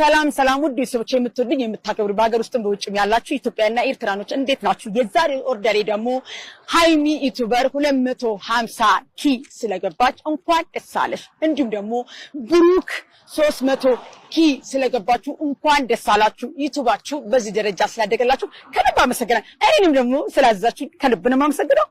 ሰላም ሰላም ውድ ቤተሰቦች የምትወዱኝ የምታከብሩ በሀገር ውስጥም በውጭም ያላችሁ ኢትዮጵያና ኤርትራኖች እንዴት ናችሁ? የዛሬ ኦርደሬ ደግሞ ሀይሚ ዩቱበር ሁለት መቶ ሀምሳ ኪ ስለገባች እንኳን ደስ አለሽ። እንዲሁም ደግሞ ብሩክ ሶስት መቶ ኪ ስለገባችሁ እንኳን ደስ አላችሁ። ዩቱባችሁ በዚህ ደረጃ ስላደገላችሁ ከልብ አመሰግናል። እኔንም ደግሞ ስላዘዛችሁ ከልብ ነው የማመሰግነው።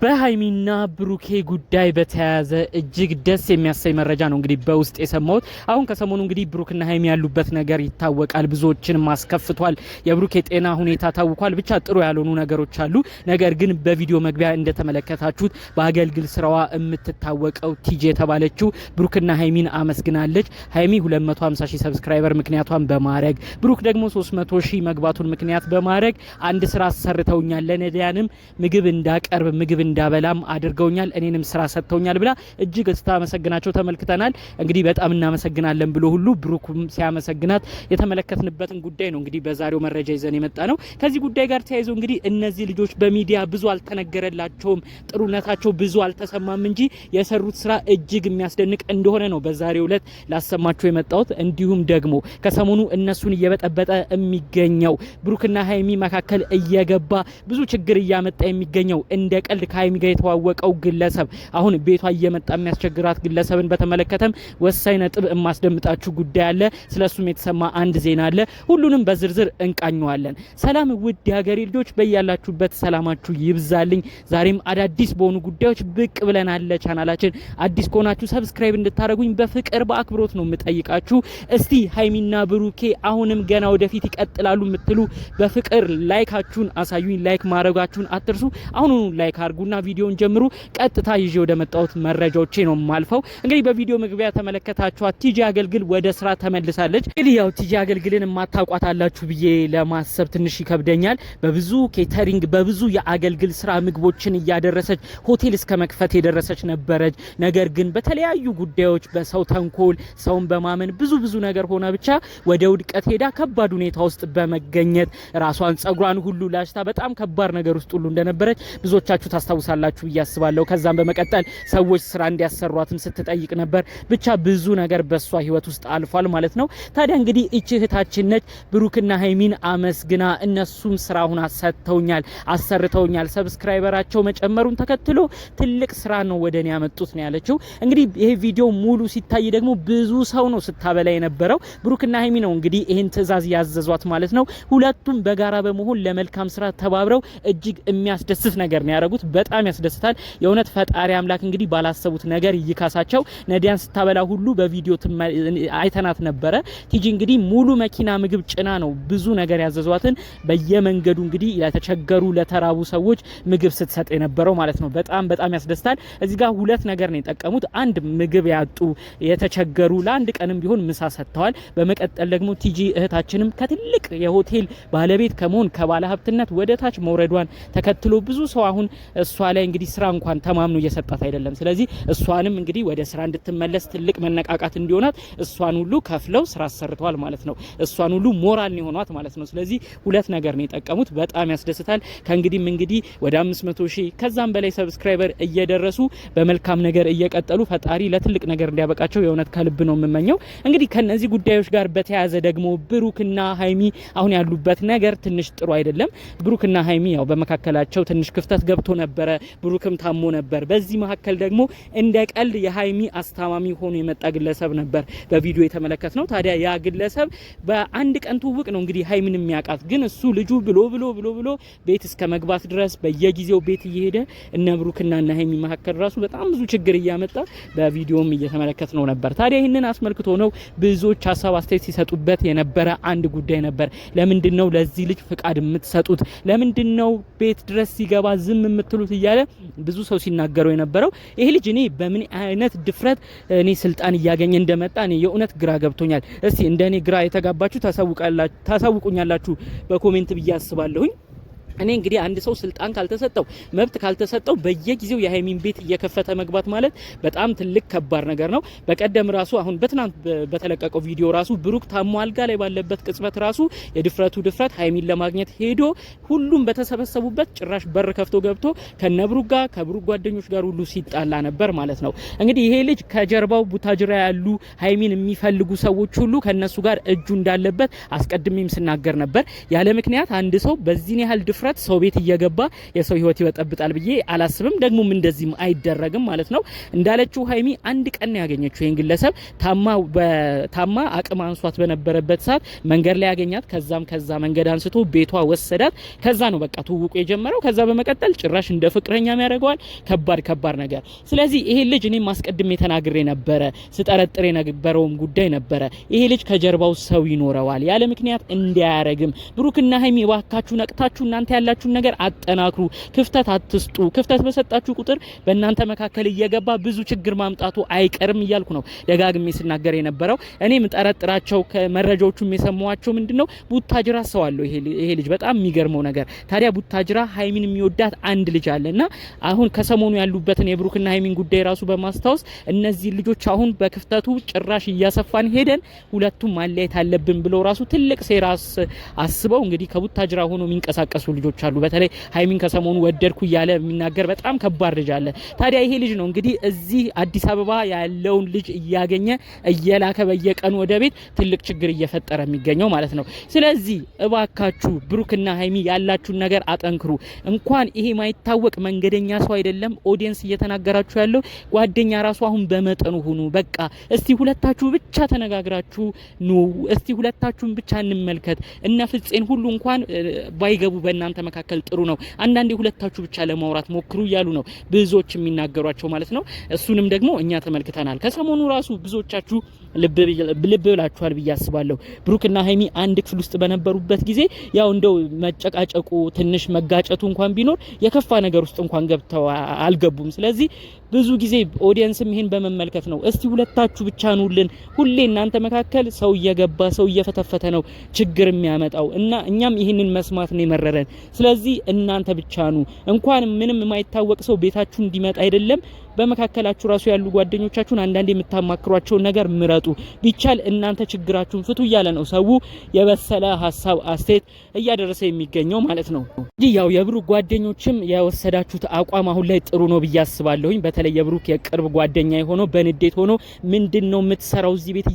በሀይሚና ብሩኬ ጉዳይ በተያያዘ እጅግ ደስ የሚያሳይ መረጃ ነው እንግዲህ በውስጥ የሰማሁት። አሁን ከሰሞኑ እንግዲህ ብሩክና ሀይሚ ያሉበት ነገር ይታወቃል፣ ብዙዎችን ማስከፍቷል። የብሩኬ ጤና ሁኔታ ታውቋል። ብቻ ጥሩ ያልሆኑ ነገሮች አሉ። ነገር ግን በቪዲዮ መግቢያ እንደተመለከታችሁት በአገልግል ስራዋ የምትታወቀው ቲጂ የተባለችው ብሩክና ሀይሚን አመስግናለች። ሀይሚ 250 ሺህ ሰብስክራይበር ምክንያቷን በማድረግ ብሩክ ደግሞ 300 ሺህ መግባቱን ምክንያት በማድረግ አንድ ስራ አሰርተውኛል፣ ለነዳያንም ምግብ እንዳቀርብ ቅርብ ምግብ እንዳበላም አድርገውኛል፣ እኔንም ስራ ሰጥተውኛል ብላ እጅግ ስታመሰግናቸው ተመልክተናል። እንግዲህ በጣም እናመሰግናለን ብሎ ሁሉ ብሩክም ሲያመሰግናት የተመለከትንበትን ጉዳይ ነው እንግዲህ በዛሬው መረጃ ይዘን የመጣ ነው። ከዚህ ጉዳይ ጋር ተያይዞ እንግዲህ እነዚህ ልጆች በሚዲያ ብዙ አልተነገረላቸውም፣ ጥሩነታቸው ብዙ አልተሰማም እንጂ የሰሩት ስራ እጅግ የሚያስደንቅ እንደሆነ ነው በዛሬው ዕለት ላሰማቸው የመጣሁት። እንዲሁም ደግሞ ከሰሞኑ እነሱን እየበጠበጠ የሚገኘው ብሩክና ሀይሚ መካከል እየገባ ብዙ ችግር እያመጣ የሚገኘው እንደ እንደ ቀልድ ከሀይሚ ጋር የተዋወቀው ግለሰብ አሁን ቤቷ እየመጣ የሚያስቸግራት ግለሰብን በተመለከተም ወሳኝ ነጥብ የማስደምጣችሁ ጉዳይ አለ። ስለሱም የተሰማ አንድ ዜና አለ። ሁሉንም በዝርዝር እንቃኘዋለን። ሰላም ውድ የሀገሬ ልጆች፣ በያላችሁበት ሰላማችሁ ይብዛልኝ። ዛሬም አዳዲስ በሆኑ ጉዳዮች ብቅ ብለናል። ቻናላችን አዲስ ከሆናችሁ ሰብስክራይብ እንድታደረጉኝ በፍቅር በአክብሮት ነው የምጠይቃችሁ። እስቲ ሀይሚና ብሩኬ አሁንም ገና ወደፊት ይቀጥላሉ የምትሉ በፍቅር ላይካችሁን አሳዩኝ። ላይክ ማድረጋችሁን አትርሱ። ላይ ላይክ አድርጉና ቪዲዮን ጀምሩ። ቀጥታ ይዤ ወደ መጣሁት መረጃዎቼ ነው የማልፈው። እንግዲህ በቪዲዮ መግቢያ ተመለከታችኋት ቲጂ አገልግል ወደ ስራ ተመልሳለች። እንግዲህ ያው ቲጂ አገልግልን የማታውቋት ብዬ ለማሰብ ትንሽ ይከብደኛል። በብዙ ኬተሪንግ፣ በብዙ የአገልግል ስራ ምግቦችን እያደረሰች ሆቴል እስከ መክፈት የደረሰች ነበረች። ነገር ግን በተለያዩ ጉዳዮች በሰው ተንኮል፣ ሰውን በማመን ብዙ ብዙ ነገር ሆነ ብቻ ወደ ውድቀት ሄዳ ከባድ ሁኔታ ውስጥ በመገኘት ራሷን ጸጉሯን ሁሉ ላሽታ በጣም ከባድ ነገር ውስጥ ሁሉ እንደነበረች ብዙዎቻ ብዙዎቻችሁ ታስታውሳላችሁ ብዬ አስባለሁ። ከዛም በመቀጠል ሰዎች ስራ እንዲያሰሯትም ስትጠይቅ ነበር። ብቻ ብዙ ነገር በሷ ህይወት ውስጥ አልፏል ማለት ነው። ታዲያ እንግዲህ እቺ እህታችን ነች ብሩክና ሀይሚን አመስግና እነሱም ስራ ሁና ሰጥተውኛል፣ አሰርተውኛል፣ ሰብስክራይበራቸው መጨመሩን ተከትሎ ትልቅ ስራ ነው ወደ እኔ ያመጡት ነው ያለችው። እንግዲህ ይሄ ቪዲዮ ሙሉ ሲታይ ደግሞ ብዙ ሰው ነው ስታበላ የነበረው። ብሩክና ሀይሚ ነው እንግዲህ ይህን ትዕዛዝ ያዘዟት ማለት ነው። ሁለቱም በጋራ በመሆን ለመልካም ስራ ተባብረው እጅግ የሚያስደስት ነገር ነው የሚያደርጉት በጣም ያስደስታል። የእውነት ፈጣሪ አምላክ እንግዲህ ባላሰቡት ነገር ይካሳቸው። ነዲያን ስታበላ ሁሉ በቪዲዮ አይተናት ነበረ። ቲጂ እንግዲህ ሙሉ መኪና ምግብ ጭና ነው ብዙ ነገር ያዘዟትን በየመንገዱ እንግዲህ ለተቸገሩ ለተራቡ ሰዎች ምግብ ስትሰጥ የነበረው ማለት ነው። በጣም በጣም ያስደስታል። እዚህ ጋር ሁለት ነገር ነው የጠቀሙት። አንድ ምግብ ያጡ የተቸገሩ ለአንድ ቀንም ቢሆን ምሳ ሰጥተዋል። በመቀጠል ደግሞ ቲጂ እህታችንም ከትልቅ የሆቴል ባለቤት ከመሆን ከባለ ሀብትነት ወደ ታች መውረዷን ተከትሎ ብዙ ሰው አሁን አሁን እሷ ላይ እንግዲህ ስራ እንኳን ተማምኖ እየሰጣት አይደለም። ስለዚህ እሷንም እንግዲህ ወደ ስራ እንድትመለስ ትልቅ መነቃቃት እንዲሆናት እሷን ሁሉ ከፍለው ስራ አሰርተዋል ማለት ነው። እሷን ሁሉ ሞራል የሆኗት ማለት ነው። ስለዚህ ሁለት ነገር ነው የጠቀሙት። በጣም ያስደስታል። ከእንግዲህም እንግዲህ ወደ 500 ሺህ ከዛም በላይ ሰብስክራይበር እየደረሱ በመልካም ነገር እየቀጠሉ ፈጣሪ ለትልቅ ነገር እንዲያበቃቸው የእውነት ከልብ ነው የምመኘው። እንግዲህ ከነዚህ ጉዳዮች ጋር በተያያዘ ደግሞ ብሩክና ሀይሚ አሁን ያሉበት ነገር ትንሽ ጥሩ አይደለም። ብሩክና ሀይሚ ያው በመካከላቸው ትንሽ ክፍተት ገብቶ ነበረ፣ ብሩክም ታሞ ነበር። በዚህ መካከል ደግሞ እንደ ቀልድ የሀይሚ አስታማሚ ሆኖ የመጣ ግለሰብ ነበር በቪዲዮ የተመለከት ነው። ታዲያ ያ ግለሰብ በአንድ ቀን ትውውቅ ነው እንግዲህ ሀይሚን የሚያውቃት ግን እሱ ልጁ ብሎ ብሎ ብሎ ብሎ ቤት እስከ መግባት ድረስ በየጊዜው ቤት እየሄደ እነ ብሩክና እነ ሀይሚ መካከል ራሱ በጣም ብዙ ችግር እያመጣ በቪዲዮም እየተመለከት ነው ነበር። ታዲያ ይህንን አስመልክቶ ነው ብዙዎች ሀሳብ አስተያየት ሲሰጡበት የነበረ አንድ ጉዳይ ነበር። ለምንድን ነው ለዚህ ልጅ ፍቃድ የምትሰጡት? ለምንድን ነው ቤት ድረስ ሲገባ ዝም የምትሉት እያለ ብዙ ሰው ሲናገረው የነበረው ይሄ ልጅ እኔ በምን አይነት ድፍረት እኔ ስልጣን እያገኘ እንደመጣ እኔ የእውነት ግራ ገብቶኛል። እስቲ እንደ እኔ ግራ የተጋባችሁ ታሳውቁኛላችሁ በኮሜንት ብዬ አስባለሁኝ። እኔ እንግዲህ አንድ ሰው ስልጣን ካልተሰጠው መብት ካልተሰጠው በየጊዜው የሀይሚን ቤት እየከፈተ መግባት ማለት በጣም ትልቅ ከባድ ነገር ነው። በቀደም ራሱ አሁን በትናንት በተለቀቀው ቪዲዮ ራሱ ብሩክ ታሞ አልጋ ላይ ባለበት ቅጽበት ራሱ የድፍረቱ ድፍረት ሀይሚን ለማግኘት ሄዶ ሁሉም በተሰበሰቡበት ጭራሽ በር ከፍቶ ገብቶ ከነብሩክ ጋር ከብሩክ ጓደኞች ጋር ሁሉ ሲጣላ ነበር ማለት ነው። እንግዲህ ይሄ ልጅ ከጀርባው ቡታጅራ ያሉ ሀይሚን የሚፈልጉ ሰዎች ሁሉ ከነሱ ጋር እጁ እንዳለበት አስቀድሜም ስናገር ነበር። ያለ ምክንያት አንድ ሰው በዚህን ያህል ድፍረት በድፍረት ሰው ቤት እየገባ የሰው ህይወት ይበጠብጣል ብዬ አላስብም። ደግሞም እንደዚህም አይደረግም ማለት ነው። እንዳለችው ሀይሚ አንድ ቀን ነው ያገኘችው ይህን ግለሰብ ታማ አቅም አንሷት በነበረበት ሰዓት መንገድ ላይ ያገኛት። ከዛም ከዛ መንገድ አንስቶ ቤቷ ወሰዳት። ከዛ ነው በቃ ትውውቁ የጀመረው። ከዛ በመቀጠል ጭራሽ እንደ ፍቅረኛም ያደርገዋል። ከባድ ከባድ ነገር። ስለዚህ ይሄ ልጅ እኔም አስቀድሜ ተናግሬ ነበረ፣ ስጠረጥር የነበረውም ጉዳይ ነበረ። ይሄ ልጅ ከጀርባው ሰው ይኖረዋል፣ ያለ ምክንያት እንዲያያረግም ብሩክና ሀይሚ እባካችሁ ነቅታችሁ እናንተ ያላችሁን ነገር አጠናክሩ። ክፍተት አትስጡ። ክፍተት በሰጣችሁ ቁጥር በእናንተ መካከል እየገባ ብዙ ችግር ማምጣቱ አይቀርም እያልኩ ነው ደጋግሜ ስናገር የነበረው። እኔም ጠረጥራቸው መረጃዎቹ የሰማዋቸው ምንድን ነው ቡታጅራ ሰው አለው ይሄ ልጅ። በጣም የሚገርመው ነገር ታዲያ ቡታጅራ ሀይሚን የሚወዳት አንድ ልጅ አለ እና አሁን ከሰሞኑ ያሉበትን የብሩክና ሀይሚን ጉዳይ ራሱ በማስታወስ እነዚህ ልጆች አሁን በክፍተቱ ጭራሽ እያሰፋን ሄደን ሁለቱም ማለያየት አለብን ብለው ራሱ ትልቅ ሴራ አስበው እንግዲህ ከቡታጅራ ሆኖ የሚንቀሳቀሱ ልጆች ልጆች አሉ። በተለይ ሀይሚን ከሰሞኑ ወደድኩ እያለ የሚናገር በጣም ከባድ ልጅ አለ። ታዲያ ይሄ ልጅ ነው እንግዲህ እዚህ አዲስ አበባ ያለውን ልጅ እያገኘ እየላከ በየቀኑ ወደ ቤት ትልቅ ችግር እየፈጠረ የሚገኘው ማለት ነው። ስለዚህ እባካችሁ ብሩክና ሀይሚ ያላችሁን ነገር አጠንክሩ። እንኳን ይሄ ማይታወቅ መንገደኛ ሰው አይደለም ኦዲየንስ እየተናገራችሁ ያለው ጓደኛ ራሱ አሁን በመጠኑ ሁኑ። በቃ እስቲ ሁለታችሁ ብቻ ተነጋግራችሁ ኑ። እስቲ ሁለታችሁን ብቻ እንመልከት። እነ ፍጼን ሁሉ እንኳን ባይገቡ በና በእናንተ መካከል ጥሩ ነው፣ አንዳንዴ ሁለታችሁ ብቻ ለማውራት ሞክሩ እያሉ ነው ብዙዎች የሚናገሯቸው ማለት ነው። እሱንም ደግሞ እኛ ተመልክተናል። ከሰሞኑ ራሱ ብዙዎቻችሁ ልብ ብላችኋል ብዬ አስባለሁ። ብሩክና ሀይሚ አንድ ክፍል ውስጥ በነበሩበት ጊዜ ያው እንደው መጨቃጨቁ ትንሽ መጋጨቱ እንኳን ቢኖር የከፋ ነገር ውስጥ እንኳን ገብተው አልገቡም። ስለዚህ ብዙ ጊዜ ኦዲየንስም ይሄን በመመልከት ነው። እስቲ ሁለታችሁ ብቻ ኑልን። ሁሌ እናንተ መካከል ሰው እየገባ ሰው እየፈተፈተ ነው ችግር የሚያመጣው እና እኛም ይህንን መስማት ነው የመረረን። ስለዚህ እናንተ ብቻ ኑ። እንኳን ምንም የማይታወቅ ሰው ቤታችሁ እንዲመጣ አይደለም በመካከላችሁ ራሱ ያሉ ጓደኞቻችሁን አንዳንድ የምታማክሯቸውን ነገር ምረጡ። ቢቻል እናንተ ችግራችሁን ፍቱ እያለ ነው ሰው የበሰለ ሀሳብ አስተያየት እያደረሰ የሚገኘው ማለት ነው። እንጂ ያው የብሩክ ጓደኞችም የወሰዳችሁት አቋም አሁን ላይ ጥሩ ነው ብዬ አስባለሁኝ። በተለይ የብሩክ የቅርብ ጓደኛ የሆነ በንዴት ሆኖ ምንድን ነው የምትሰራው እዚህ ቤት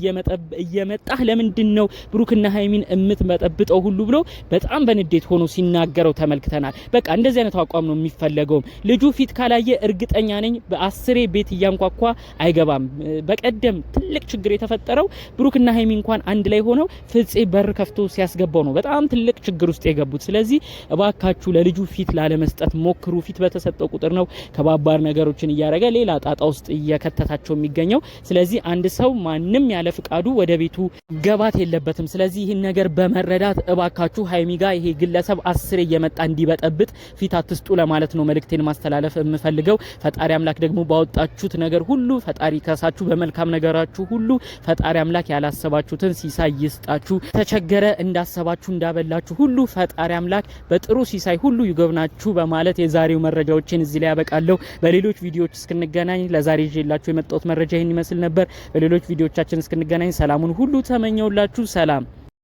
እየመጣህ ለምንድን ነው ብሩክና ሀይሚን የምትመጠብጠው ሁሉ ብሎ በጣም በንዴት ሆኖ ሲናገረው ተመልክተናል። በቃ እንደዚህ አይነት አቋም ነው የሚፈለገውም ልጁ ፊት ካላየ እርግጠኛ ነኝ አስሬ ቤት እያንኳኳ አይገባም። በቀደም ትልቅ ችግር የተፈጠረው ብሩክና ሀይሚ እንኳን አንድ ላይ ሆነው ፍፄ በር ከፍቶ ሲያስገባው ነው በጣም ትልቅ ችግር ውስጥ የገቡት። ስለዚህ እባካችሁ ለልጁ ፊት ላለመስጠት ሞክሩ። ፊት በተሰጠው ቁጥር ነው ከባባር ነገሮችን እያደረገ ሌላ ጣጣ ውስጥ እየከተታቸው የሚገኘው። ስለዚህ አንድ ሰው ማንም ያለ ፍቃዱ ወደ ቤቱ ገባት የለበትም። ስለዚህ ይህን ነገር በመረዳት እባካችሁ ሀይሚ ጋር ይሄ ግለሰብ አስሬ እየመጣ እንዲበጠብጥ ፊት አትስጡ ለማለት ነው መልእክቴን ማስተላለፍ የምፈልገው። ፈጣሪ አምላክ ደግሞ ባወጣችሁት ነገር ሁሉ ፈጣሪ ከሳችሁ፣ በመልካም ነገራችሁ ሁሉ ፈጣሪ አምላክ ያላሰባችሁትን ሲሳይ ይስጣችሁ። ተቸገረ እንዳሰባችሁ እንዳበላችሁ ሁሉ ፈጣሪ አምላክ በጥሩ ሲሳይ ሁሉ ይገብናችሁ በማለት የዛሬው መረጃዎችን እዚህ ላይ ያበቃለሁ። በሌሎች ቪዲዮዎች እስክንገናኝ ለዛሬ ይዤላችሁ የመጣሁት መረጃ ይህን ይመስል ነበር። በሌሎች ቪዲዮዎቻችን እስክንገናኝ ሰላሙን ሁሉ ተመኘውላችሁ። ሰላም